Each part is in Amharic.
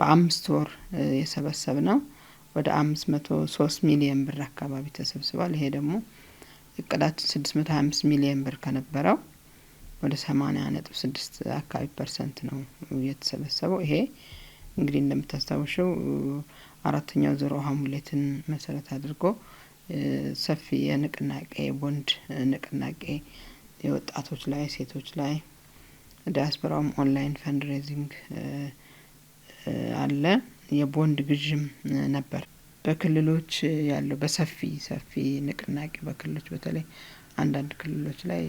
በአምስት ወር የሰበሰብ ነው ወደ አምስት መቶ ሶስት ሚሊየን ብር አካባቢ ተሰብስቧል። ይሄ ደግሞ እቅዳችን ስድስት መቶ ሀያ አምስት ሚሊየን ብር ከነበረው ወደ ሰማኒያ ነጥብ ስድስት አካባቢ ፐርሰንት ነው የተሰበሰበው። ይሄ እንግዲህ እንደምታስታውሸው አራተኛው ዙር ውሃ ሙሌትን መሰረት አድርጎ ሰፊ የንቅናቄ ቦንድ ንቅናቄ የወጣቶች ላይ ሴቶች ላይ ዲያስፖራውም ኦንላይን ፈንድሬዚንግ አለ። የቦንድ ግዥም ነበር። በክልሎች ያለው በሰፊ ሰፊ ንቅናቄ በክልሎች በተለይ አንዳንድ ክልሎች ላይ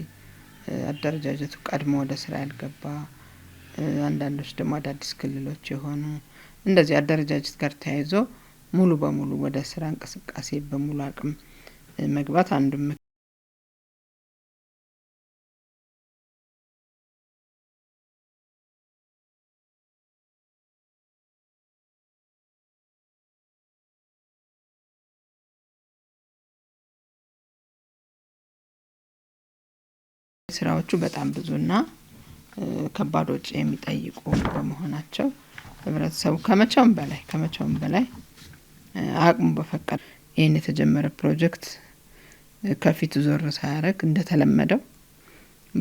አደረጃጀቱ ቀድሞ ወደ ስራ ያልገባ አንዳንዶች ደግሞ አዳዲስ ክልሎች የሆኑ እንደዚህ አደረጃጀት ጋር ተያይዞ ሙሉ በሙሉ ወደ ስራ እንቅስቃሴ በሙሉ አቅም መግባት አንዱ ስራዎቹ በጣም ብዙና ከባድ ወጪ የሚጠይቁ በመሆናቸው ህብረተሰቡ ከመቼውም በላይ ከመቼውም በላይ አቅሙ በፈቀደ ይህን የተጀመረ ፕሮጀክት ከፊቱ ዞር ሳያደርግ እንደተለመደው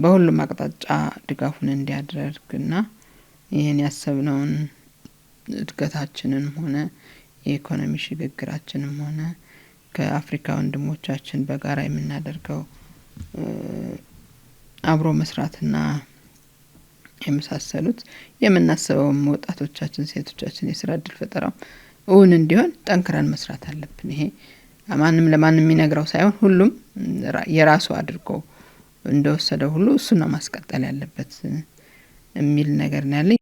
በሁሉም አቅጣጫ ድጋፉን እንዲያደርግና ይህን ያሰብነውን እድገታችንም ሆነ የኢኮኖሚ ሽግግራችንም ሆነ ከአፍሪካ ወንድሞቻችን በጋራ የምናደርገው አብሮ መስራትና የመሳሰሉት የምናስበውም ወጣቶቻችን፣ ሴቶቻችን የስራ እድል ፈጠራው እውን እንዲሆን ጠንክረን መስራት አለብን። ይሄ ማንም ለማንም የሚነግረው ሳይሆን ሁሉም የራሱ አድርጎ እንደወሰደው ሁሉ እሱ ነው ማስቀጠል ያለበት የሚል ነገር ነው ያለኝ።